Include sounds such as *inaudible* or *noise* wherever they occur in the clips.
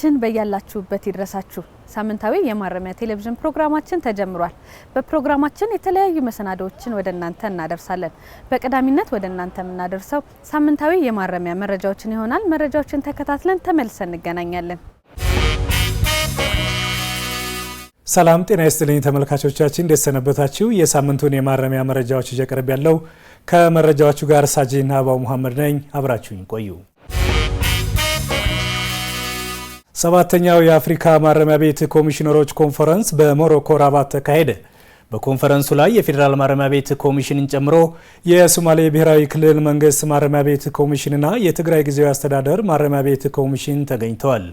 ሰላምታችን በያላችሁበት ይድረሳችሁ። ሳምንታዊ የማረሚያ ቴሌቪዥን ፕሮግራማችን ተጀምሯል። በፕሮግራማችን የተለያዩ መሰናዶዎችን ወደ እናንተ እናደርሳለን። በቀዳሚነት ወደ እናንተ የምናደርሰው ሳምንታዊ የማረሚያ መረጃዎችን ይሆናል። መረጃዎችን ተከታትለን ተመልሰን እንገናኛለን። ሰላም ጤና ይስጥልኝ ተመልካቾቻችን፣ እንደሰነበታችሁ። የሳምንቱን የማረሚያ መረጃዎች እየቀርብ ያለው ከመረጃዎቹ ጋር ሳጂን አባው መሐመድ ነኝ። አብራችሁኝ ቆዩ። ሰባተኛው የአፍሪካ ማረሚያ ቤት ኮሚሽነሮች ኮንፈረንስ በሞሮኮ ራባት ተካሄደ። በኮንፈረንሱ ላይ የፌዴራል ማረሚያ ቤት ኮሚሽንን ጨምሮ የሶማሌ ብሔራዊ ክልል መንግስት ማረሚያ ቤት ኮሚሽንና የትግራይ ጊዜያዊ አስተዳደር ማረሚያ ቤት ኮሚሽን ተገኝተዋል።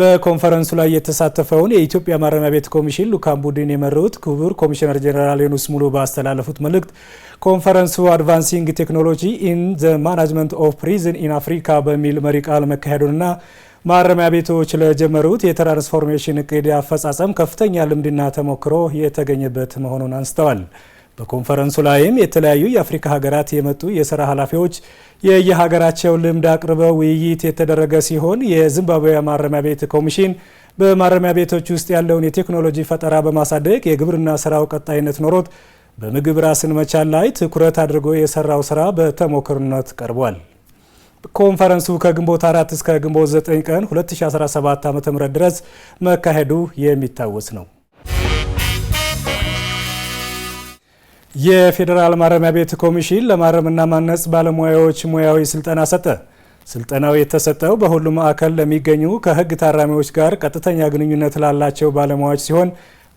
በኮንፈረንሱ ላይ የተሳተፈውን የኢትዮጵያ ማረሚያ ቤት ኮሚሽን ልኡካን ቡድን የመሩት ክቡር ኮሚሽነር ጄኔራል ዮኑስ ሙሉ ባስተላለፉት መልእክት ኮንፈረንሱ አድቫንሲንግ ቴክኖሎጂ ኢን ዘ ማናጅመንት ኦፍ ፕሪዝን ኢን አፍሪካ በሚል መሪ ቃል መካሄዱንና ማረሚያ ቤቶች ለጀመሩት የትራንስፎርሜሽን እቅድ አፈጻጸም ከፍተኛ ልምድና ተሞክሮ የተገኘበት መሆኑን አንስተዋል። በኮንፈረንሱ ላይም የተለያዩ የአፍሪካ ሀገራት የመጡ የስራ ኃላፊዎች የየሀገራቸው ልምድ አቅርበው ውይይት የተደረገ ሲሆን የዚምባብዌ ማረሚያ ቤት ኮሚሽን በማረሚያ ቤቶች ውስጥ ያለውን የቴክኖሎጂ ፈጠራ በማሳደግ የግብርና ስራው ቀጣይነት ኖሮት በምግብ ራስን መቻል ላይ ትኩረት አድርጎ የሰራው ስራ በተሞክርነት ቀርቧል። ኮንፈረንሱ ከግንቦት 4 እስከ ግንቦት 9 ቀን 2017 ዓ.ም ድረስ መካሄዱ የሚታወስ ነው። የፌዴራል ማረሚያ ቤት ኮሚሽን ለማረምና ማነጽ ባለሙያዎች ሙያዊ ስልጠና ሰጠ። ስልጠናው የተሰጠው በሁሉም ማዕከል ለሚገኙ ከህግ ታራሚዎች ጋር ቀጥተኛ ግንኙነት ላላቸው ባለሙያዎች ሲሆን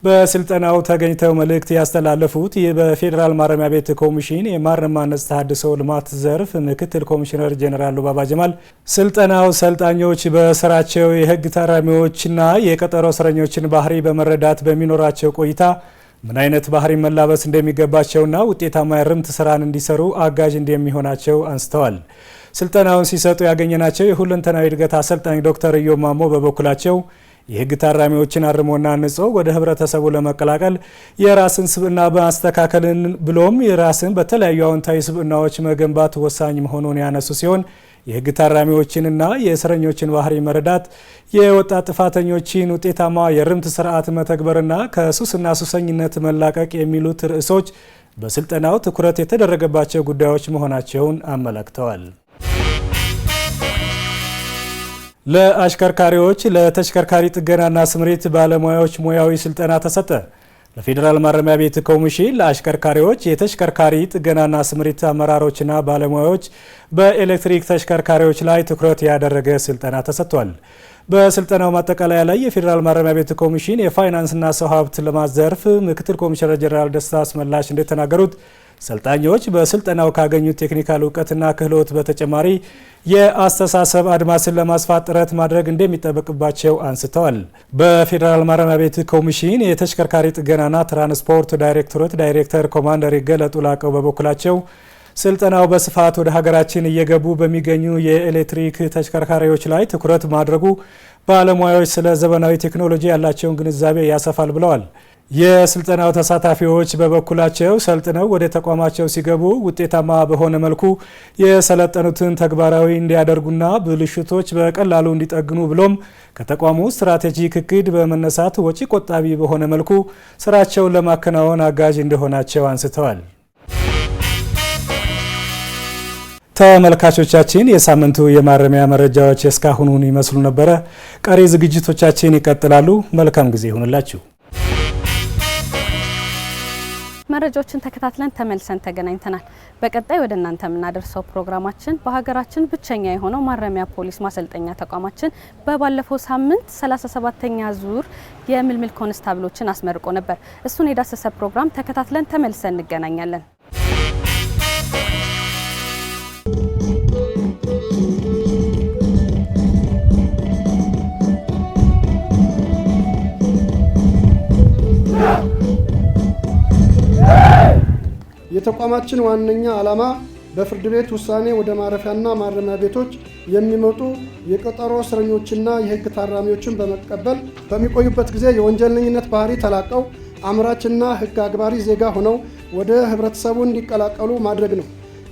በስልጠናው ተገኝተው መልእክት ያስተላለፉት በፌዴራል ማረሚያ ቤት ኮሚሽን የማረሚያነት ተሃድሶ ልማት ዘርፍ ምክትል ኮሚሽነር ጄኔራል ሉባባ ጀማል ስልጠናው ሰልጣኞች በስራቸው የህግ ታራሚዎችና የቀጠሮ እስረኞችን ባህሪ በመረዳት በሚኖራቸው ቆይታ ምን አይነት ባህሪ መላበስ እንደሚገባቸውና ውጤታማ የርምት ስራን እንዲሰሩ አጋዥ እንደሚሆናቸው አንስተዋል። ስልጠናውን ሲሰጡ ያገኘናቸው የሁለንተናዊ እድገት አሰልጣኝ ዶክተር ኢዮብ ማሞ በበኩላቸው የህግ ታራሚዎችን አርሞና አንጾ ወደ ህብረተሰቡ ለመቀላቀል የራስን ስብዕና በማስተካከልን ብሎም የራስን በተለያዩ አዎንታዊ ስብዕናዎች መገንባት ወሳኝ መሆኑን ያነሱ ሲሆን የህግ ታራሚዎችንና የእስረኞችን ባህሪ መረዳት የወጣት ጥፋተኞችን ውጤታማ የርምት ስርዓት መተግበርና ከሱስና ሱሰኝነት መላቀቅ የሚሉት ርዕሶች በስልጠናው ትኩረት የተደረገባቸው ጉዳዮች መሆናቸውን አመላክተዋል። ለአሽከርካሪዎች ለተሽከርካሪ ጥገናና ስምሪት ባለሙያዎች ሙያዊ ስልጠና ተሰጠ። ለፌዴራል ማረሚያ ቤት ኮሚሽን ለአሽከርካሪዎች የተሽከርካሪ ጥገናና ስምሪት አመራሮችና ባለሙያዎች በኤሌክትሪክ ተሽከርካሪዎች ላይ ትኩረት ያደረገ ስልጠና ተሰጥቷል። በስልጠናው ማጠቃለያ ላይ የፌዴራል ማረሚያ ቤት ኮሚሽን የፋይናንስና ሰው ሀብት ልማት ዘርፍ ምክትል ኮሚሽነር ጀኔራል ደስታ አስመላሽ እንደተናገሩት ሰልጣኞች በስልጠናው ካገኙት ቴክኒካል እውቀትና ክህሎት በተጨማሪ የአስተሳሰብ አድማስን ለማስፋት ጥረት ማድረግ እንደሚጠበቅባቸው አንስተዋል። በፌዴራል ማረሚያ ቤት ኮሚሽን የተሽከርካሪ ጥገናና ትራንስፖርት ዳይሬክቶሬት ዳይሬክተር ኮማንደር ይገለጡ ላቀው በበኩላቸው ስልጠናው በስፋት ወደ ሀገራችን እየገቡ በሚገኙ የኤሌክትሪክ ተሽከርካሪዎች ላይ ትኩረት ማድረጉ ባለሙያዎች ስለ ዘመናዊ ቴክኖሎጂ ያላቸውን ግንዛቤ ያሰፋል ብለዋል። የስልጠናው ተሳታፊዎች በበኩላቸው ሰልጥነው ወደ ተቋማቸው ሲገቡ ውጤታማ በሆነ መልኩ የሰለጠኑትን ተግባራዊ እንዲያደርጉና ብልሽቶች በቀላሉ እንዲጠግኑ ብሎም ከተቋሙ ስትራቴጂክ እቅድ በመነሳት ወጪ ቆጣቢ በሆነ መልኩ ስራቸውን ለማከናወን አጋዥ እንደሆናቸው አንስተዋል። ተመልካቾቻችን የሳምንቱ የማረሚያ መረጃዎች እስካሁኑን ይመስሉ ነበረ። ቀሪ ዝግጅቶቻችን ይቀጥላሉ። መልካም ጊዜ ይሁንላችሁ። መረጃዎችን ተከታትለን ተመልሰን ተገናኝተናል። በቀጣይ ወደ እናንተ የምናደርሰው ፕሮግራማችን በሀገራችን ብቸኛ የሆነው ማረሚያ ፖሊስ ማሰልጠኛ ተቋማችን በባለፈው ሳምንት 37ተኛ ዙር የምልምል ኮንስታብሎችን አስመርቆ ነበር። እሱን የዳሰሰ ፕሮግራም ተከታትለን ተመልሰን እንገናኛለን። የተቋማችን ዋነኛ ዓላማ በፍርድ ቤት ውሳኔ ወደ ማረፊያና ማረሚያ ቤቶች የሚመጡ የቀጠሮ እስረኞችና የሕግ ታራሚዎችን በመቀበል በሚቆዩበት ጊዜ የወንጀለኝነት ባህሪ ተላቀው አምራችና ሕግ አግባሪ ዜጋ ሆነው ወደ ህብረተሰቡ እንዲቀላቀሉ ማድረግ ነው።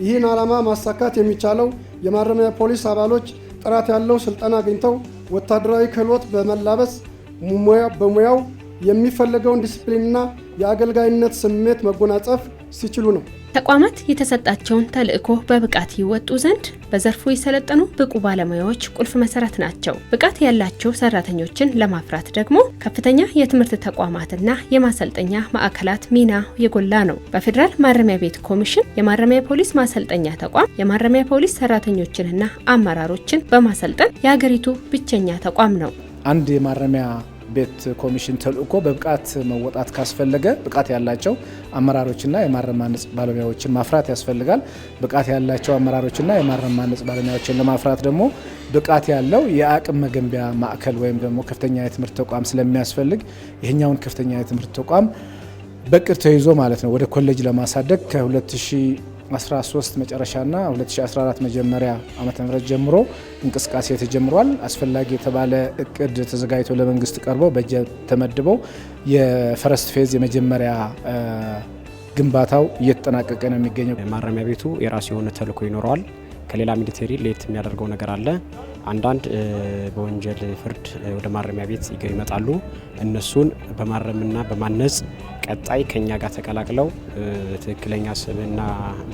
ይህን ዓላማ ማሳካት የሚቻለው የማረሚያ ፖሊስ አባሎች ጥራት ያለው ስልጠና አግኝተው ወታደራዊ ክህሎት በመላበስ በሙያው የሚፈለገውን ዲስፕሊንና የአገልጋይነት ስሜት መጎናጸፍ ሲችሉ ነው። ተቋማት የተሰጣቸውን ተልዕኮ በብቃት ይወጡ ዘንድ በዘርፉ የሰለጠኑ ብቁ ባለሙያዎች ቁልፍ መሰረት ናቸው። ብቃት ያላቸው ሰራተኞችን ለማፍራት ደግሞ ከፍተኛ የትምህርት ተቋማትና የማሰልጠኛ ማዕከላት ሚና የጎላ ነው። በፌዴራል ማረሚያ ቤት ኮሚሽን የማረሚያ ፖሊስ ማሰልጠኛ ተቋም የማረሚያ ፖሊስ ሰራተኞችንና አመራሮችን በማሰልጠን የሀገሪቱ ብቸኛ ተቋም ነው። አንድ የማረሚያ ቤት ኮሚሽን ተልእኮ በብቃት መወጣት ካስፈለገ ብቃት ያላቸው አመራሮችና የማረም ማነጽ ባለሙያዎችን ማፍራት ያስፈልጋል። ብቃት ያላቸው አመራሮችና የማረም ማነጽ ባለሙያዎችን ለማፍራት ደግሞ ብቃት ያለው የአቅም መገንቢያ ማዕከል ወይም ደግሞ ከፍተኛ የትምህርት ተቋም ስለሚያስፈልግ ይህኛውን ከፍተኛ የትምህርት ተቋም በቅር ተይዞ ማለት ነው ወደ ኮሌጅ ለማሳደግ ከ 2013 መጨረሻና 2014 መጀመሪያ ዓመተ ምህረት ጀምሮ እንቅስቃሴ ተጀምሯል። አስፈላጊ የተባለ እቅድ ተዘጋጅቶ ለመንግስት ቀርቦ በጀት ተመድቦ የፈረስት ፌዝ የመጀመሪያ ግንባታው እየተጠናቀቀ ነው የሚገኘው። ማረሚያ ቤቱ የራሱ የሆነ ተልዕኮ ይኖረዋል። ከሌላ ሚሊቴሪ ለየት የሚያደርገው ነገር አለ። አንዳንድ በወንጀል ፍርድ ወደ ማረሚያ ቤት ይመጣሉ። እነሱን በማረምና በማነጽ ቀጣይ ከኛ ጋር ተቀላቅለው ትክክለኛ ስብዕና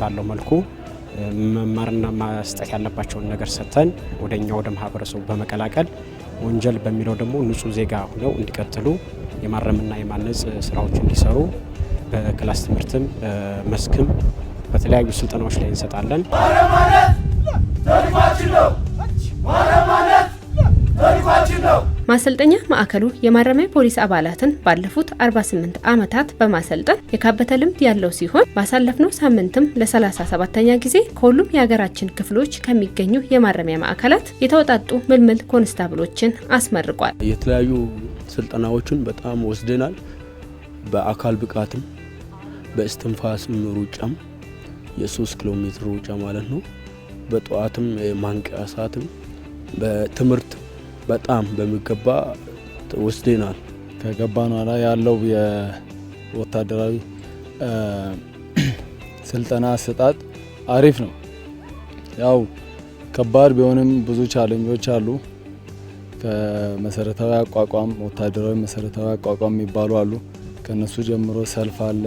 ባለው መልኩ መማርና መስጠት ያለባቸውን ነገር ሰጥተን ወደኛ ወደ ማህበረሰቡ በመቀላቀል ወንጀል በሚለው ደግሞ ንጹህ ዜጋ ሆነው እንዲቀጥሉ የማረምና የማነጽ ስራዎች እንዲሰሩ በክላስ ትምህርትም በመስክም በተለያዩ ስልጠናዎች ላይ እንሰጣለን። ማሰልጠኛ ማዕከሉ የማረሚያ ፖሊስ አባላትን ባለፉት 48 ዓመታት በማሰልጠን የካበተ ልምድ ያለው ሲሆን ባሳለፍነው ሳምንትም ለ37ኛ ጊዜ ከሁሉም የሀገራችን ክፍሎች ከሚገኙ የማረሚያ ማዕከላት የተወጣጡ ምልምል ኮንስታብሎችን አስመርቋል። የተለያዩ ስልጠናዎችን በጣም ወስደናል። በአካል ብቃትም በእስትንፋስም ሩጫም የሶስት ኪሎ ሜትር ሩጫ ማለት ነው። በጠዋትም ማንቂያ ሰዓትም በትምህርት በጣም በሚገባ ወስደናል። ከገባን ኋላ ያለው የወታደራዊ ስልጠና አሰጣጥ አሪፍ ነው። ያው ከባድ ቢሆንም ብዙ ቻለንጆች አሉ። ከመሰረታዊ አቋቋም ወታደራዊ መሰረታዊ አቋቋም የሚባሉ አሉ። ከነሱ ጀምሮ ሰልፍ አለ፣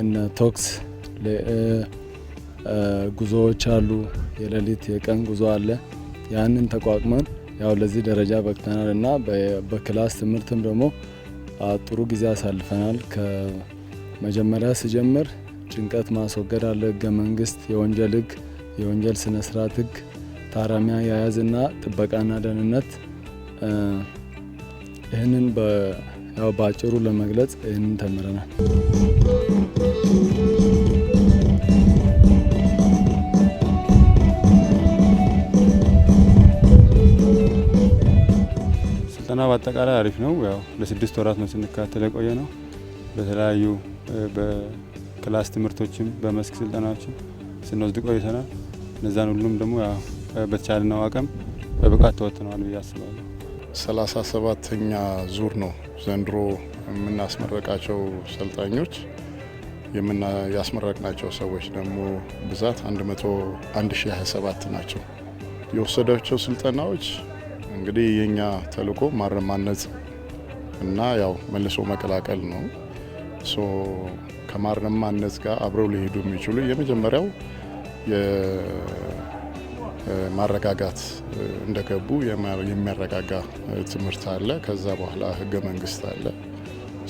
እነ ቶክስ ጉዞዎች አሉ፣ የሌሊት የቀን ጉዞ አለ። ያንን ተቋቁመን ያው ለዚህ ደረጃ በቅተናል እና በክላስ ትምህርትም ደግሞ ጥሩ ጊዜ አሳልፈናል። ከመጀመሪያ ስጀምር ጭንቀት ማስወገድ አለ፣ ህገ መንግስት፣ የወንጀል ህግ፣ የወንጀል ስነ ስርዓት ህግ፣ ታራሚ አያያዝና ጥበቃና ደህንነት ይህንን ያው በአጭሩ ለመግለጽ ይህንን ተምረናል። በአጠቃላይ አሪፍ ነው። ያው ለስድስት ወራት ነው ስንካተል የቆየ ነው። በተለያዩ በክላስ ትምህርቶችም በመስክ ስልጠናዎችም ስንወስድ ቆይተናል። እነዛን ሁሉም ደግሞ በተቻለነው አቅም በብቃት ተወጥነዋል ብዬ አስባለሁ። ሰላሳ ሰባተኛ ዙር ነው ዘንድሮ የምናስመረቃቸው ሰልጣኞች ያስመረቅናቸው ሰዎች ደግሞ ብዛት 127 ናቸው። የወሰዳቸው ስልጠናዎች እንግዲህ የኛ ተልእኮ ማነጽ እና ያው መልሶ መቀላቀል ነው። ከማረም ማነጽ ጋር አብረው ሊሄዱ የሚችሉ የመጀመሪያው ማረጋጋት እንደገቡ የሚያረጋጋ ትምህርት አለ። ከዛ በኋላ ህገ መንግስት አለ፣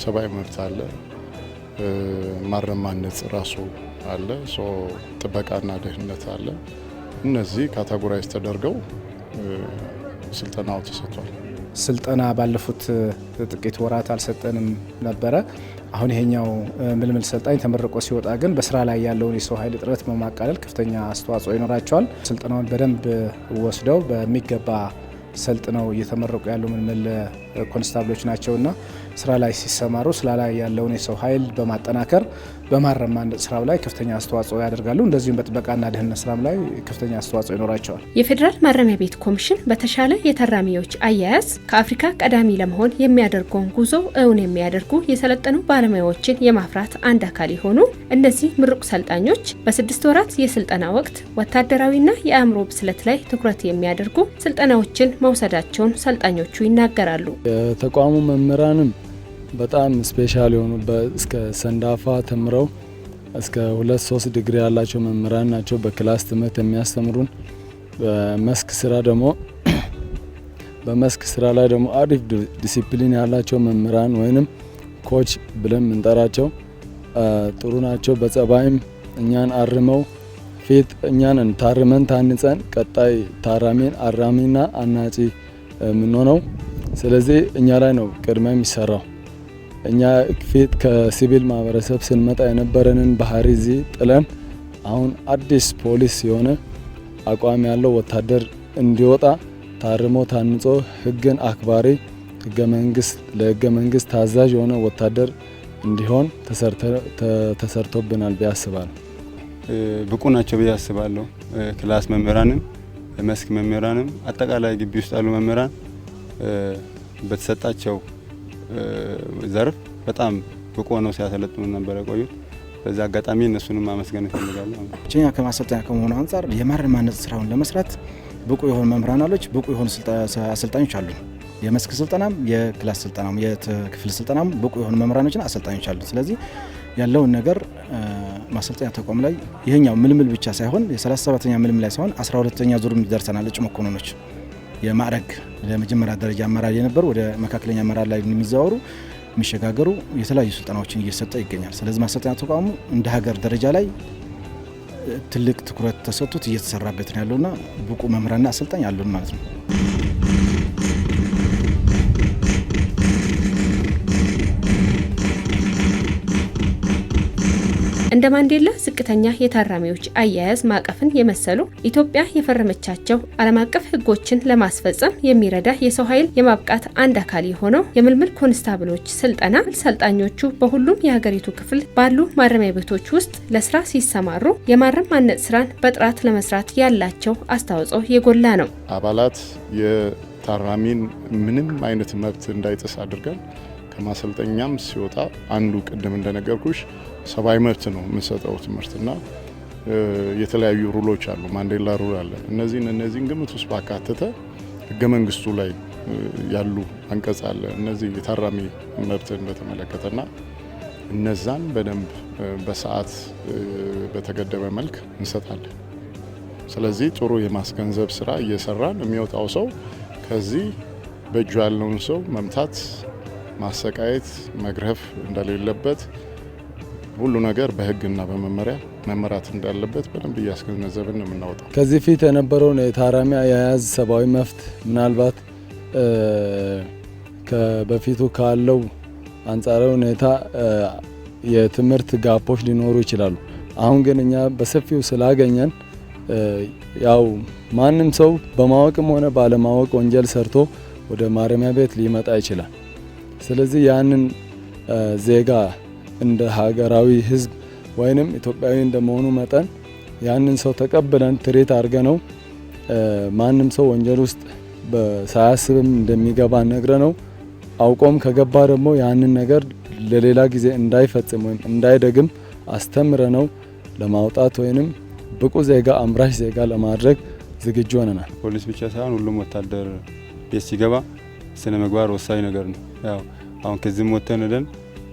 ሰብአዊ መብት አለ፣ ማረም ማነጽ ራሱ አለ፣ ጥበቃና ደህንነት አለ። እነዚህ ካታጎራይዝ ተደርገው ስልጠናው ተሰጥቷል። ስልጠና ባለፉት ጥቂት ወራት አልሰጠንም ነበረ። አሁን ይሄኛው ምልምል ሰልጣኝ ተመርቆ ሲወጣ ግን በስራ ላይ ያለውን የሰው ኃይል እጥረት በማቃለል ከፍተኛ አስተዋጽኦ ይኖራቸዋል። ስልጠናውን በደንብ ወስደው በሚገባ ሰልጥነው እየተመረቁ ያሉ ምልምል ኮንስታብሎች ናቸውና ስራ ላይ ሲሰማሩ ስራ ላይ ያለውን የሰው ኃይል በማጠናከር በማረማ ስራው ላይ ከፍተኛ አስተዋጽኦ ያደርጋሉ። እንደዚሁም በጥበቃና ደህንነት ስራም ላይ ከፍተኛ አስተዋጽኦ ይኖራቸዋል። የፌዴራል ማረሚያ ቤት ኮሚሽን በተሻለ የታራሚዎች አያያዝ ከአፍሪካ ቀዳሚ ለመሆን የሚያደርገውን ጉዞ እውን የሚያደርጉ የሰለጠኑ ባለሙያዎችን የማፍራት አንድ አካል የሆኑ እነዚህ ምሩቅ ሰልጣኞች በስድስት ወራት የስልጠና ወቅት ወታደራዊና የአእምሮ ብስለት ላይ ትኩረት የሚያደርጉ ስልጠናዎችን መውሰዳቸውን ሰልጣኞቹ ይናገራሉ። የተቋሙ መምህራንም በጣም ስፔሻል የሆኑ እስከ ሰንዳፋ ተምረው እስከ ሁለት ሶስት ዲግሪ ያላቸው መምህራን ናቸው በክላስ ትምህርት የሚያስተምሩን። በመስክ ስራ ደግሞ *clears throat* በመስክ ስራ ላይ ደግሞ አሪፍ ዲሲፕሊን ያላቸው መምህራን ወይንም ኮች ብለን የምንጠራቸው ጥሩ ናቸው። በጸባይም እኛን አርመው ፊት እኛን ታርመን ታንጸን ቀጣይ ታራሚን አራሚና አናጺ የምንሆነው። ስለዚህ እኛ ላይ ነው ቅድሚያ የሚሰራው። እኛ ፊት ከሲቪል ማህበረሰብ ስንመጣ የነበረንን ባህሪ እዚህ ጥለን አሁን አዲስ ፖሊስ የሆነ አቋም ያለው ወታደር እንዲወጣ ታርሞ ታንጾ ህግን አክባሪ ህገ መንግስት ለህገ መንግስት ታዛዥ የሆነ ወታደር እንዲሆን ተሰርቶብናል ብዬ አስባለሁ። ብቁ ናቸው ብዬ አስባለሁ። ክላስ መምህራንም መስክ መምህራንም አጠቃላይ ግቢ ውስጥ ያሉ መምህራን በተሰጣቸው ዘርፍ በጣም ብቁ ነው ሲያሰለጥኑ ነበር የቆዩት። በዛ አጋጣሚ እነሱንም ማመስገን እፈልጋለሁ። ብቸኛ ከማሰልጠኛ ከመሆኑ አንጻር የመማር ማነጽ ስራውን ለመስራት ብቁ የሆኑ መምህራን አሎች ብቁ የሆኑ አሰልጣኞች አሉ። የመስክ ስልጠናም የክላስ ስልጠናም የክፍል ስልጠናም ብቁ የሆኑ መምህራኖችና አሰልጣኞች አሉ። ስለዚህ ያለውን ነገር ማሰልጠኛ ተቋም ላይ ይሄኛው ምልምል ብቻ ሳይሆን የ37ኛ ምልምል ላይ ሳይሆን 12ኛ ዙርም ይደርሰናል እጩ መኮንኖች የማዕረግ ለመጀመሪያ ደረጃ አመራር የነበሩ ወደ መካከለኛ አመራር ላይ የሚዘዋወሩ የሚሸጋገሩ የተለያዩ ስልጠናዎችን እየሰጠ ይገኛል። ስለዚህ ማሰልጠኛ ተቋሙ እንደ ሀገር ደረጃ ላይ ትልቅ ትኩረት ተሰጥቶት እየተሰራበት ነው ያለውና ብቁ መምህራንና አሰልጣኝ አሉን ማለት ነው። እንደ ማንዴላ ዝቅተኛ የታራሚዎች አያያዝ ማዕቀፍን የመሰሉ ኢትዮጵያ የፈረመቻቸው ዓለም አቀፍ ሕጎችን ለማስፈጸም የሚረዳ የሰው ኃይል የማብቃት አንድ አካል የሆነው የምልምል ኮንስታብሎች ስልጠና ሰልጣኞቹ በሁሉም የሀገሪቱ ክፍል ባሉ ማረሚያ ቤቶች ውስጥ ለስራ ሲሰማሩ የማረም ማነጽ ስራን በጥራት ለመስራት ያላቸው አስተዋጽኦ የጎላ ነው። አባላት የታራሚን ምንም አይነት መብት እንዳይጥስ አድርገን ከማሰልጠኛም ሲወጣ አንዱ ቅድም እንደነገርኩሽ ሰብአዊ መብት ነው የምንሰጠው ትምህርትና የተለያዩ ሩሎች አሉ። ማንዴላ ሩል አለ። እነዚህን እነዚህን ግምት ውስጥ ባካተተ ህገ መንግስቱ ላይ ያሉ አንቀጽ አለ። እነዚህ የታራሚ መብትን በተመለከተና እነዛን በደንብ በሰዓት በተገደበ መልክ እንሰጣለን። ስለዚህ ጥሩ የማስገንዘብ ስራ እየሰራን የሚወጣው ሰው ከዚህ በእጁ ያለውን ሰው መምታት፣ ማሰቃየት፣ መግረፍ እንደሌለበት ሁሉ ነገር በህግና በመመሪያ መመራት እንዳለበት በደንብ እያስገነዘብን ነው የምናወጣው። ከዚህ ፊት የነበረውን የታራሚ አያያዝ ሰብአዊ መፍት ምናልባት በፊቱ ካለው አንጻራዊ ሁኔታ የትምህርት ጋፖች ሊኖሩ ይችላሉ። አሁን ግን እኛ በሰፊው ስላገኘን ያው ማንም ሰው በማወቅም ሆነ ባለማወቅ ወንጀል ሰርቶ ወደ ማረሚያ ቤት ሊመጣ ይችላል። ስለዚህ ያንን ዜጋ እንደ ሀገራዊ ህዝብ ወይንም ኢትዮጵያዊ እንደመሆኑ መጠን ያንን ሰው ተቀብለን ትሬት አድርገ ነው ማንም ሰው ወንጀል ውስጥ ሳያስብም እንደሚገባ ነግረ ነው አውቆም ከገባ ደግሞ ያንን ነገር ለሌላ ጊዜ እንዳይፈጽም ወይም እንዳይደግም አስተምረ ነው ለማውጣት ወይንም ብቁ ዜጋ አምራች ዜጋ ለማድረግ ዝግጁ ሆነናል። ፖሊስ ብቻ ሳይሆን ሁሉም ወታደር ቤት ሲገባ ስነ ምግባር ወሳኝ ነገር ነው። ያው አሁን ከዚህም ወተን ደን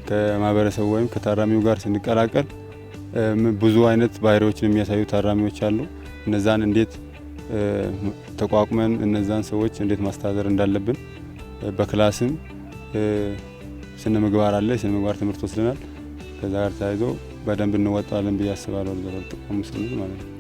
ከማህበረሰቡ ወይም ከታራሚው ጋር ስንቀላቀል ብዙ አይነት ባህሪዎችን የሚያሳዩ ታራሚዎች አሉ። እነዛን እንዴት ተቋቁመን እነዛን ሰዎች እንዴት ማስተዳደር እንዳለብን በክላስም ስነ ምግባር አለ። የስነ ምግባር ትምህርት ወስደናል። ከዛ ጋር ተያይዞ በደንብ እንወጣለን ብዬ አስባለሁ። ዘረ ስንል ማለት ነው።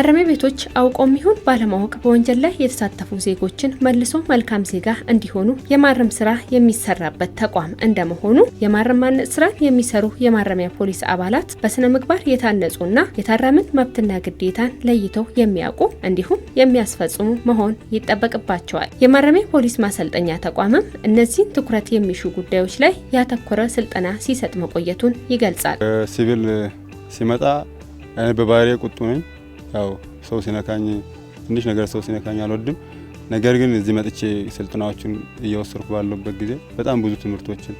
ማረሚያ ቤቶች አውቆም ይሁን ባለማወቅ በወንጀል ላይ የተሳተፉ ዜጎችን መልሶ መልካም ዜጋ እንዲሆኑ የማረም ስራ የሚሰራበት ተቋም እንደመሆኑ የማረም ማነጽ ስራ የሚሰሩ የማረሚያ ፖሊስ አባላት በስነ ምግባር የታነጹና የታራምን መብትና ግዴታን ለይተው የሚያውቁ እንዲሁም የሚያስፈጽሙ መሆን ይጠበቅባቸዋል። የማረሚያ ፖሊስ ማሰልጠኛ ተቋምም እነዚህን ትኩረት የሚሹ ጉዳዮች ላይ ያተኮረ ስልጠና ሲሰጥ መቆየቱን ይገልጻል። ሲቪል ሲመጣ በባህሪ ቁጡ ነኝ ያው ሰው ሲነካኝ ትንሽ ነገር ሰው ሲነካኝ አልወድም። ነገር ግን እዚህ መጥቼ ስልጠናዎችን እየወሰድኩ ባለበት ጊዜ በጣም ብዙ ትምህርቶችን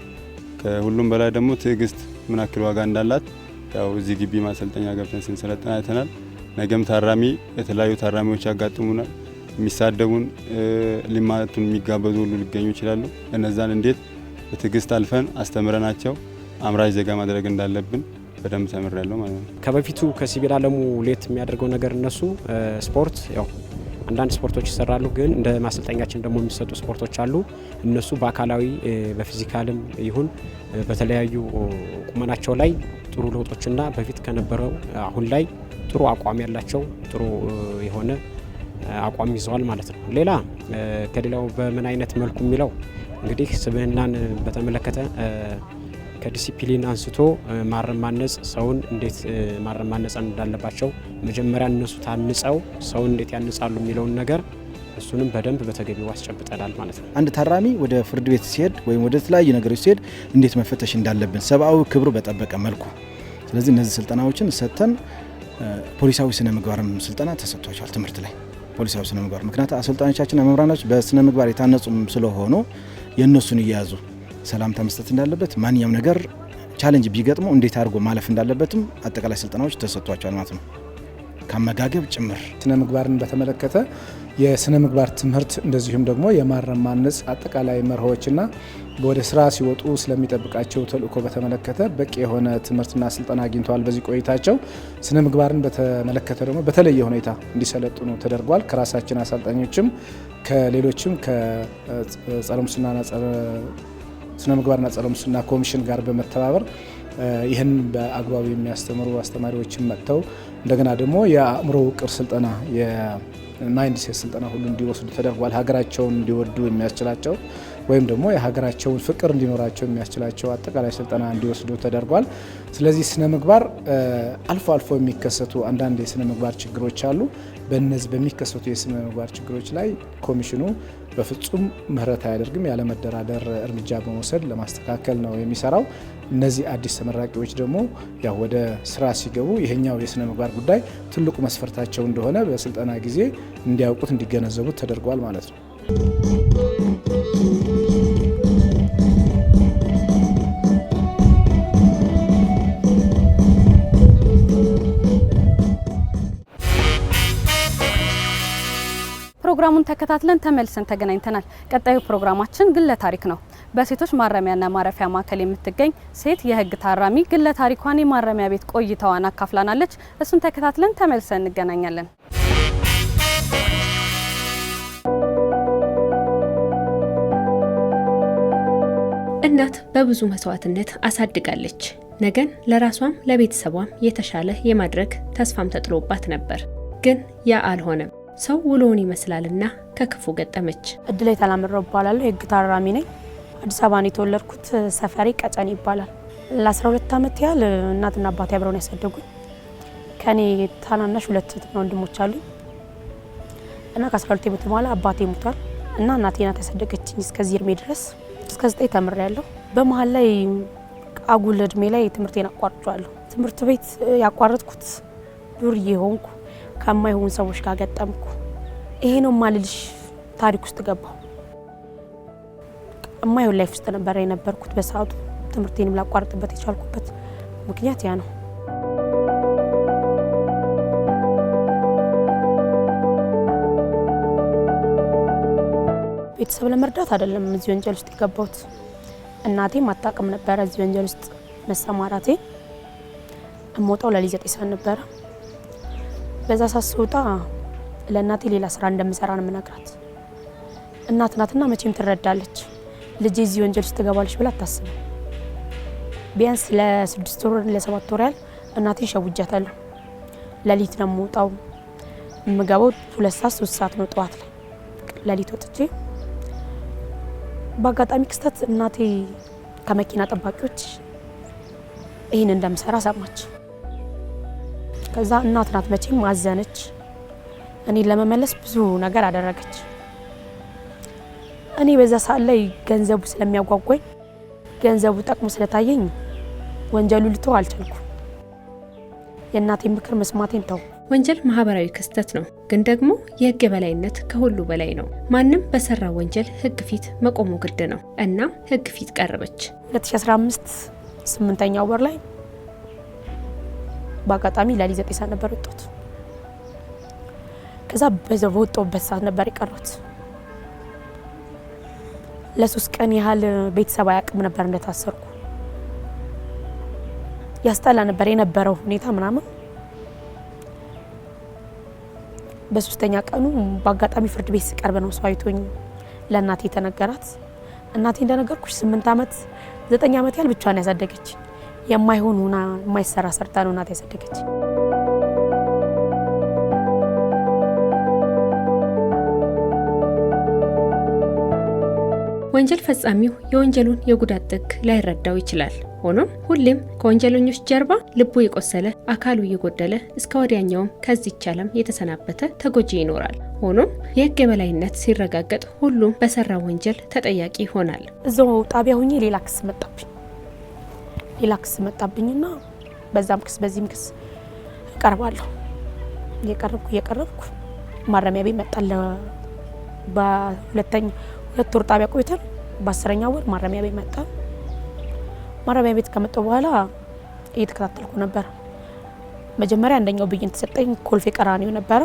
ከሁሉም በላይ ደግሞ ትዕግስት ምን ያክል ዋጋ እንዳላት ያው እዚህ ግቢ ማሰልጠኛ ገብተን ስንሰለጥን አይተናል። ነገም ታራሚ የተለያዩ ታራሚዎች ያጋጥሙናል። የሚሳደቡን ሊማቱን የሚጋበዙ ሁሉ ሊገኙ ይችላሉ። እነዛን እንዴት በትዕግስት አልፈን አስተምረናቸው አምራች ዜጋ ማድረግ እንዳለብን በደንብ ተምሬያለሁ ማለት ነው። ከበፊቱ ከሲቪል አለሙ ሌት የሚያደርገው ነገር እነሱ ስፖርት ያው አንዳንድ ስፖርቶች ይሰራሉ፣ ግን እንደ ማሰልጠኛችን ደግሞ የሚሰጡ ስፖርቶች አሉ። እነሱ በአካላዊ በፊዚካልም ይሁን በተለያዩ ቁመናቸው ላይ ጥሩ ለውጦችና በፊት ከነበረው አሁን ላይ ጥሩ አቋም ያላቸው ጥሩ የሆነ አቋም ይዘዋል ማለት ነው። ሌላ ከሌላው በምን አይነት መልኩ የሚለው እንግዲህ ስብህናን በተመለከተ ከዲሲፕሊን አንስቶ ማረም ማነጽ ሰውን እንዴት ማረም ማነጽ እንዳለባቸው መጀመሪያ እነሱ ታንጸው ሰውን እንዴት ያንጻሉ የሚለውን ነገር እሱንም በደንብ በተገቢው አስጨብጠናል ማለት ነው። አንድ ታራሚ ወደ ፍርድ ቤት ሲሄድ ወይም ወደ ተለያዩ ነገሮች ሲሄድ እንዴት መፈተሽ እንዳለብን ሰብአዊ ክብሩ በጠበቀ መልኩ ስለዚህ እነዚህ ስልጠናዎችን ሰጥተን ፖሊሳዊ ስነ ምግባርም ስልጠና ተሰጥቷቸዋል ትምህርት ላይ ፖሊሳዊ ስነ ምግባር ምክንያቱ አሰልጣኞቻችን መምህራኖች በስነ ምግባር የታነጹም ስለሆኑ የእነሱን እየያዙ ሰላምታ መስጠት እንዳለበት ማንኛውም ነገር ቻለንጅ ቢገጥመው እንዴት አድርጎ ማለፍ እንዳለበትም አጠቃላይ ስልጠናዎች ተሰጥቷቸዋል ማለት ነው። ከአመጋገብ ጭምር ስነ ምግባርን በተመለከተ የስነ ምግባር ትምህርት እንደዚሁም ደግሞ የማረም ማነጽ አጠቃላይ መርሆችና ወደ ስራ ሲወጡ ስለሚጠብቃቸው ተልእኮ በተመለከተ በቂ የሆነ ትምህርትና ስልጠና አግኝተዋል። በዚህ ቆይታቸው ስነ ምግባርን በተመለከተ ደግሞ በተለየ ሁኔታ እንዲሰለጥኑ ተደርጓል። ከራሳችን አሰልጣኞችም ከሌሎችም ከጸረ ሙስናና ጸረ ስነ ምግባርና ጸረ ሙስና ኮሚሽን ጋር በመተባበር ይህን በአግባቡ የሚያስተምሩ አስተማሪዎችን መጥተው እንደገና ደግሞ የአእምሮ ውቅር ስልጠና የማይንድ ሴት ስልጠና ሁሉ እንዲወስዱ ተደርጓል። ሀገራቸውን እንዲወዱ የሚያስችላቸው ወይም ደግሞ የሀገራቸውን ፍቅር እንዲኖራቸው የሚያስችላቸው አጠቃላይ ስልጠና እንዲወስዱ ተደርጓል። ስለዚህ ስነ ምግባር አልፎ አልፎ የሚከሰቱ አንዳንድ የስነ ምግባር ችግሮች አሉ። በእነዚህ በሚከሰቱ የስነ ምግባር ችግሮች ላይ ኮሚሽኑ በፍጹም ምህረት አያደርግም። ያለመደራደር እርምጃ በመውሰድ ለማስተካከል ነው የሚሰራው። እነዚህ አዲስ ተመራቂዎች ደግሞ ያው ወደ ስራ ሲገቡ ይሄኛው የስነ ምግባር ጉዳይ ትልቁ መስፈርታቸው እንደሆነ በስልጠና ጊዜ እንዲያውቁት እንዲገነዘቡት ተደርጓል ማለት ነው። ፕሮግራሙን ተከታትለን ተመልሰን ተገናኝተናል። ቀጣዩ ፕሮግራማችን ግለ ታሪክ ነው። በሴቶች ማረሚያና ማረፊያ ማዕከል የምትገኝ ሴት የህግ ታራሚ ግለ ታሪኳን የማረሚያ ቤት ቆይታዋን አካፍላናለች። እሱን ተከታትለን ተመልሰን እንገናኛለን። እናት በብዙ መስዋዕትነት አሳድጋለች። ነገን ለራሷም ለቤተሰቧም የተሻለ የማድረግ ተስፋም ተጥሎባት ነበር። ግን ያ አልሆነም። ሰው ውሎውን ይመስላልና ከክፉ ገጠመች። እድላይ ተላምረው እባላለሁ። የህግ ታራሚ ነኝ። አዲስ አበባ ነው የተወለድኩት። ሰፈሬ ቀጨኔ ይባላል። ለ12 ዓመት ያህል እናትና አባቴ አብረውን ያሳደጉኝ። ከኔ ታናናሽ ሁለት እህትና ወንድሞች አሉኝ እና ከ12 ዓመት በኋላ አባቴ ሙቷል እና እናቴ ናት ያሳደገችኝ እስከዚህ እድሜ ድረስ እስከ ዘጠኝ ተምሬያለሁ። በመሀል ላይ አጉል እድሜ ላይ ትምህርቴን አቋርጫለሁ። ትምህርት ቤት ያቋረጥኩት ዱርዬ ሆንኩ። ከማይሆን ሰዎች ጋር ገጠምኩ። ይሄ ነው ማልልሽ ታሪክ ውስጥ ገባሁ። የማይሆን ላይፍ ውስጥ ነበር የነበርኩት በሰዓቱ። ትምህርቴንም ላቋርጥበት የቻልኩበት ምክንያት ያ ነው። ቤተሰብ ለመርዳት አይደለም እዚህ ወንጀል ውስጥ የገባሁት። እናቴ አታውቅም ነበረ እዚህ ወንጀል ውስጥ መሰማራቴ። እሞጣው ለሊት ሰዓት ነበረ በዛ ሳት ለእናቴ ሌላ ስራ እንደምሰራ ነው የምነግራት። እናት ናትና መቼም ትረዳለች። ልጄ እዚህ ወንጀል ውስጥ ትገባለች ብላ አታስብም። ቢያንስ ለስድስት ወር ለሰባት ወር ያህል እናቴን ሸውጃታለሁ። ለሊት ነው የምወጣው። የምገባው ሁለት ሰዓት ሶስት ሰዓት ነው ጠዋት ላይ። ለሊት ወጥቼ በአጋጣሚ ክስተት እናቴ ከመኪና ጠባቂዎች ይህን እንደምሰራ ሰማች። ከዛ እናት ናት መቼም አዘነች። እኔ ለመመለስ ብዙ ነገር አደረገች። እኔ በዛ ሰዓት ላይ ገንዘቡ ስለሚያጓጓኝ ገንዘቡ ጠቅሞ ስለታየኝ ወንጀሉ ልተው አልችልኩ የእናቴን ምክር መስማቴን ተው። ወንጀል ማህበራዊ ክስተት ነው፣ ግን ደግሞ የህግ የበላይነት ከሁሉ በላይ ነው። ማንም በሰራ ወንጀል ህግ ፊት መቆሙ ግድ ነው እና ህግ ፊት ቀረበች። 2015 ስምንተኛው ወር ላይ በአጋጣሚ ለሊ ዘጠኝ ሰዓት ነበር ወጣሁት። ከዛ በዛ በወጣሁበት ሰዓት ነበር የቀረሁት። ለሶስት ቀን ያህል ቤተሰብ አያውቅም ነበር እንደታሰርኩ። ያስጠላ ነበር የነበረው ሁኔታ ምናምን። በሶስተኛ ቀኑ በአጋጣሚ ፍርድ ቤት ስቀርብ ነው ሰው አይቶኝ ለእናቴ የተነገራት። እናቴ እንደነገርኩሽ ስምንት ዓመት ዘጠኝ ዓመት ያህል ብቻዋን ያሳደገች የማይሆን ሆና የማይሰራ ሰርታ ነው እናት ያሳደገች። ወንጀል ፈጻሚው የወንጀሉን የጉዳት ጥግ ላይረዳው ይችላል። ሆኖም ሁሌም ከወንጀለኞች ጀርባ ልቡ የቆሰለ አካሉ እየጎደለ እስከ ወዲያኛውም ከዚች ዓለም የተሰናበተ ተጎጂ ይኖራል። ሆኖም የሕግ የበላይነት ሲረጋገጥ ሁሉም በሰራ ወንጀል ተጠያቂ ይሆናል። እዛው ጣቢያ ሁኜ ሌላ ክስ መጣብኝ። ሌላ ክስ መጣብኝና በዛም ክስ በዚህም ክስ እቀርባለሁ። እየቀረብኩ እየቀረብኩ ማረሚያ ቤት መጣን። በሁለተኛ ሁለት ወር ጣቢያ ቆይተን በአስረኛ ወር ማረሚያ ቤት መጣን። ማረሚያ ቤት ከመጣሁ በኋላ እየተከታተልኩ ነበር። መጀመሪያ አንደኛው ብይን ተሰጠኝ። ኮልፌ ቀራኒው ነበረ።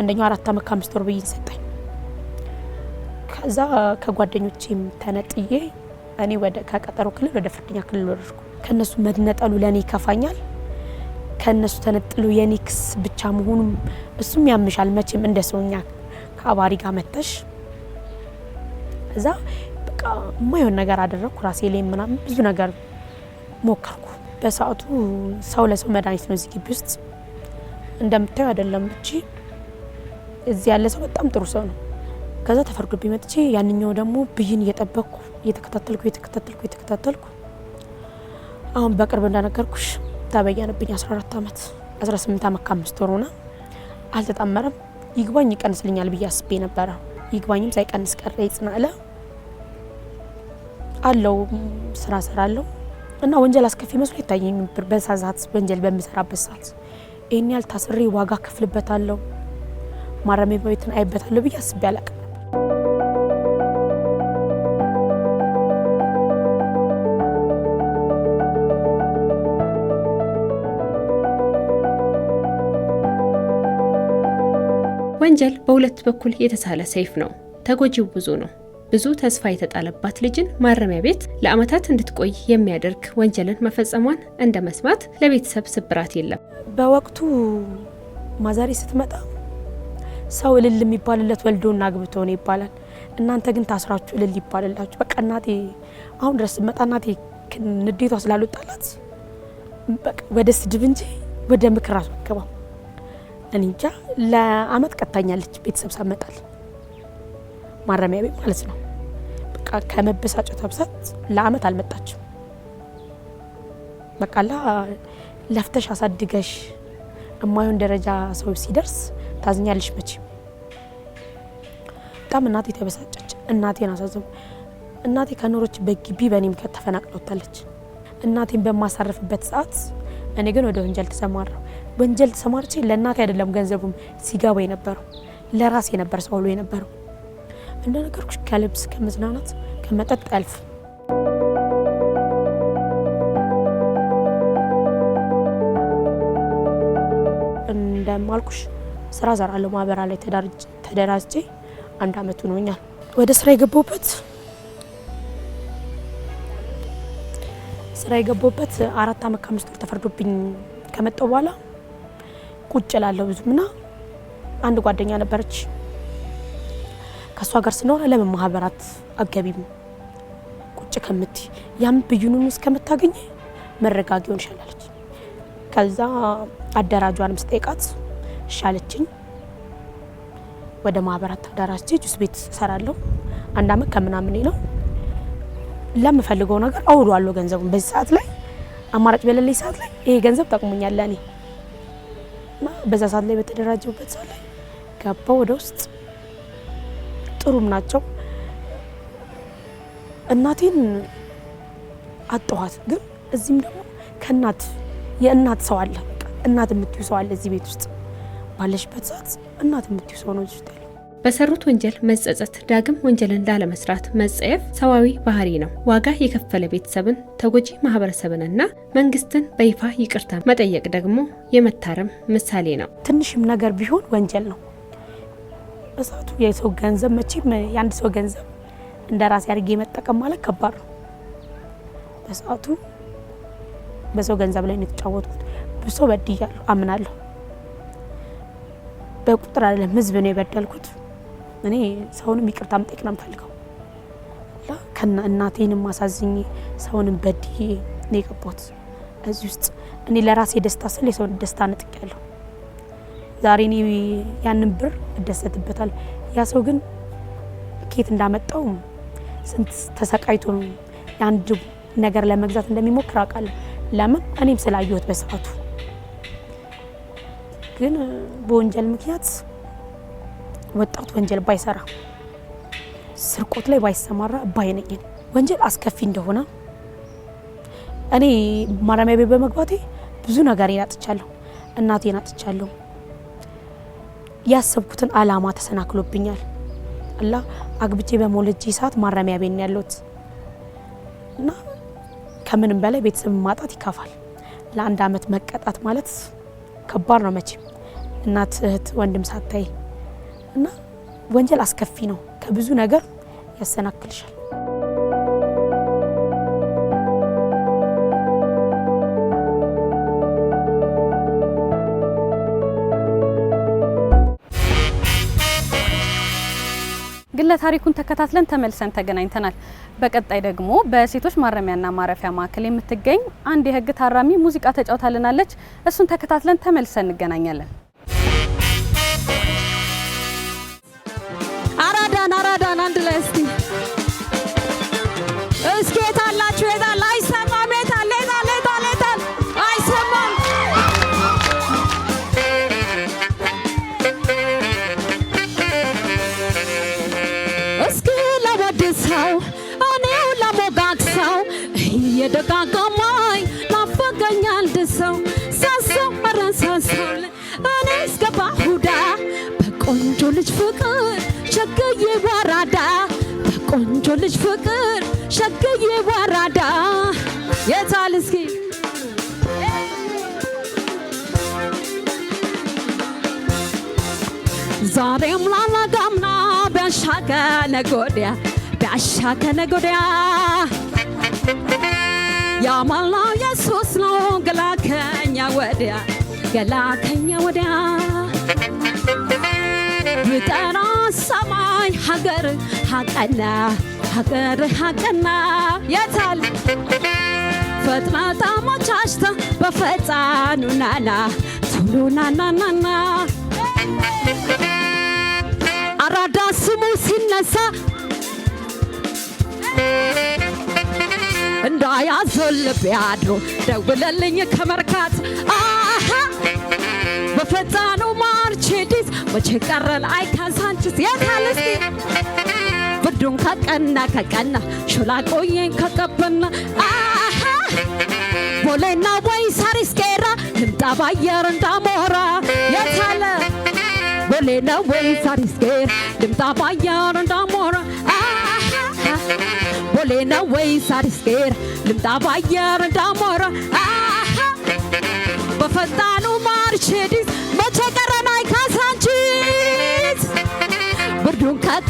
አንደኛው አራት አመት ከአምስት ወር ብይን ሰጠኝ። ከዛ ከጓደኞቼም ተነጥዬ እኔ ከቀጠሮ ክልል ወደ ፍርደኛ ክልል ወረድኩ። ከነሱ መነጠሉ ለእኔ ይከፋኛል። ከነሱ ተነጥሎ የኔ ክስ ብቻ መሆኑም እሱም ያምሻል። መቼም እንደ ሰውኛ ከአባሪ ጋር መተሽ እዛ በቃ የማይሆን ነገር አደረግኩ ራሴ ላይ ምናምን ብዙ ነገር ሞከርኩ። በሰዓቱ ሰው ለሰው መድኃኒት ነው። እዚህ ግቢ ውስጥ እንደምታዩ አይደለም እቺ እዚህ ያለ ሰው በጣም ጥሩ ሰው ነው። ከዛ ተፈርዶብኝ መጥቼ ያንኛው ደግሞ ብይን እየጠበቅኩ እየተከታተልኩ እየተከታተልኩ እየተከታተልኩ አሁን በቅርብ እንደነገርኩሽ ታበያነብኝ 14 ዓመት 18 ዓመት ከአምስት ወር ሆና አልተጣመረም። ይግባኝ ይቀንስልኛል ብዬ አስቤ ነበረ። ይግባኝም ሳይቀንስ ቀረ። ይጽናለ አለው ስራ ሰራለሁ እና ወንጀል አስከፊ መስሎ ይታየኝ ነበር። በሳዛት ወንጀል በምሰራበት ሰዓት ይህን ያህል ታስሬ ዋጋ ከፍልበታለሁ፣ ማረሚያ ቤትን አይበታለሁ ብዬ አስቤ አላቅም። ወንጀል በሁለት በኩል የተሳለ ሰይፍ ነው። ተጎጂው ብዙ ነው። ብዙ ተስፋ የተጣለባት ልጅን ማረሚያ ቤት ለአመታት እንድትቆይ የሚያደርግ ወንጀልን መፈጸሟን እንደ መስማት ለቤተሰብ ስብራት የለም። በወቅቱ ማዛሪ ስትመጣ ሰው እልል የሚባልለት ወልዶና አግብቶ ነው ይባላል። እናንተ ግን ታስራችሁ እልል ይባልላችሁ። በቃ እናቴ አሁን ድረስ ስትመጣ እናቴ ንዴቷ ስላልወጣላት ወደ ስድብ እንጂ ወደ ምክር አስመገባም እንጃ ለአመት ቀጣኛለች። ቤተሰብ ሳመጣል ማረሚያ ቤት ማለት ነው። በቃ ከመበሳጨት ብዛት ለአመት አልመጣችም። በቃ ለፍተሽ አሳድገሽ እማይሆን ደረጃ ሰው ሲደርስ ታዝኛለሽ መቼም። በጣም እናቴ ተበሳጨች። እናቴን አሳዘቡ። እናቴ ከኖሮችበት ግቢ በእኔ ምክንያት ተፈናቅላ እናቴን በማሳረፍበት ሰዓት እኔ ግን ወደ ወንጀል ተሰማራ ወንጀል ተሰማርቼ ለእናቴ አይደለም ገንዘቡም ሲገባ የነበረው ለራሴ ነበር ሰውሎ የነበረው። እንደነገርኩሽ ከልብስ ከመዝናናት ከመጠጥ አልፍ እንደማልኩሽ ስራ እሰራለሁ። ማህበራ ላይ ተደራጅቼ አንድ አመቱ ሆኖኛል ወደ ስራ የገባሁበት ስራ የገባሁበት አራት አመት ከአምስት ወር ተፈርዶብኝ ከመጣሁ በኋላ ቁጭ እላለሁ ብዙም እና አንድ ጓደኛ ነበረች። ከእሷ ጋር ስኖር ለምን ማህበራት አገቢም ቁጭ ከምት ያም ብዩኑን እስከምታገኝ መረጋጊ ሆንሻል አለች። ከዛ አደራጇንም ስጠይቃት ሻለችኝ። ወደ ማህበራት አዳራጅ ጁስ ቤት ሰራለሁ አንድ አመት ከምናምን ነው ለምፈልገው ነገር አውሏለሁ ገንዘቡን። በዚህ ሰዓት ላይ አማራጭ በሌለኝ ሰዓት ላይ ይሄ ገንዘብ ጠቅሞኛል ለእኔ በዛ ሰዓት ላይ በተደራጀበት ሰዓት ላይ ገባው ወደ ውስጥ። ጥሩም ናቸው። እናቴን አጠኋት። ግን እዚህም ደግሞ ከእናት የእናት ሰው አለ። እናት የምትዩ ሰው አለ እዚህ ቤት ውስጥ ባለሽበት ሰዓት እናት የምትዩ ሰው ነው ውስጥ በሰሩት ወንጀል መጸጸት፣ ዳግም ወንጀልን ላለመስራት መጸየፍ ሰዋዊ ባህሪ ነው። ዋጋ የከፈለ ቤተሰብን፣ ተጎጂ ማህበረሰብንና መንግስትን በይፋ ይቅርታ መጠየቅ ደግሞ የመታረም ምሳሌ ነው። ትንሽም ነገር ቢሆን ወንጀል ነው። እሳቱ የሰው ገንዘብ መቼም የአንድ ሰው ገንዘብ እንደ ራሴ አድርጌ መጠቀም ማለት ከባድ ነው። በሰዓቱ በሰው ገንዘብ ላይ ነው የተጫወትኩት። ብሶ በድያለሁ፣ አምናለሁ። በቁጥር አይደለም ህዝብ ነው የበደልኩት። እኔ ሰውንም ይቅርታ መጠየቅ ነው የምፈልገው። እናቴንም አሳዝኜ ሰውንም በድዬ ነው የገባሁት እዚህ ውስጥ። እኔ ለራሴ ደስታ ስል የሰውን ደስታ ነጥቅ ያለሁ ዛሬ እኔ ያንን ብር እደሰትበታል። ያ ሰው ግን ኬት እንዳመጣው ስንት ተሰቃይቶ ነው የአንድ ነገር ለመግዛት እንደሚሞክር አውቃለሁ። ለምን እኔም ስላየሁት በሰዓቱ ግን በወንጀል ምክንያት ወጣት ወንጀል ባይሰራ ስርቆት ላይ ባይሰማራ ባይነኝ ወንጀል አስከፊ እንደሆነ እኔ ማረሚያ ቤት በመግባቴ ብዙ ነገር አጥቻለሁ። እናቴ አጥቻለሁ። ያሰብኩትን አላማ ተሰናክሎብኛል። አላ አግብቼ በሞልጄ ሰዓት ማረሚያ ቤት ነው ያለሁት እና ከምንም በላይ ቤተሰብ ማጣት ይከፋል። ለአንድ አመት መቀጣት ማለት ከባድ ነው። መቼም እናት፣ እህት፣ ወንድም ሳታይ እና ወንጀል አስከፊ ነው፣ ከብዙ ነገር ያሰናክልሻል። ግለ ታሪኩን ተከታትለን ተመልሰን ተገናኝተናል። በቀጣይ ደግሞ በሴቶች ማረሚያና ማረፊያ ማዕከል የምትገኝ አንድ የህግ ታራሚ ሙዚቃ ተጫውታልናለች። እሱን ተከታትለን ተመልሰን እንገናኛለን። ልጅ ፍቅር ሸገዬ ወራዳ የታል እስኪ ዛሬም ላላዳምና ቢያሻ ከነጎዲያ ቢያሻ ከነጎዲያ ያማላ የሱስ ነው ገላከኛ ወዲያ ገላከኛ ወዲያ ብጠራ ሰማይ ሀገር ሀቀና ሀገር ሀቀና የታል ፈጥና ታሞቻሽታ በፈጣኑ ናና ቶሎ ናናናና አራዳ ስሙ ሲነሳ እንዳያዞን ልቤ አድሮ ደውለልኝ ከመርካት በፈጣኑ ማርቼዲስ መቼ ቀረን አይካንሳንችስ የታል ሆዱን ከቀና ከቀና ሾላ ቆየን ከቀበና ቦሌና ወይ ሳሪስ ቄራ ህምጣ ባየር እንዳሞራ የታለ ቦሌና ወይ ሳሪስ ቄራ ድምጣ ባየር እንዳሞራ ቦሌና ወይ ሳሪስ ቄራ ድምጣ ባየር እንዳሞራ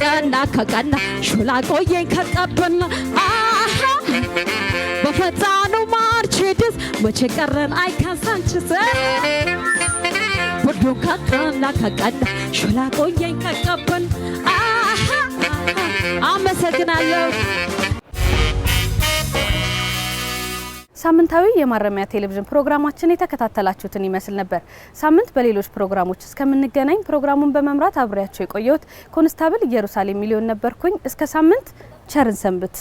ከቀና ከቀና ሾላ ቆየኝ ከጠብና በፈጣኑ ማርች ድስ መቼ ቀረን አይካሳንችስ ብርዱ ከቀና ከቀና ሾላ ቆየኝ ከጠብን አመሰግናለሁ። ሳምንታዊ የማረሚያ ቴሌቪዥን ፕሮግራማችን የተከታተላችሁትን ይመስል ነበር። ሳምንት በሌሎች ፕሮግራሞች እስከምንገናኝ ፕሮግራሙን በመምራት አብሬያቸው የቆየሁት ኮንስታብል ኢየሩሳሌም ሚሊዮን ነበርኩኝ። እስከ ሳምንት ቸርን ሰንብት።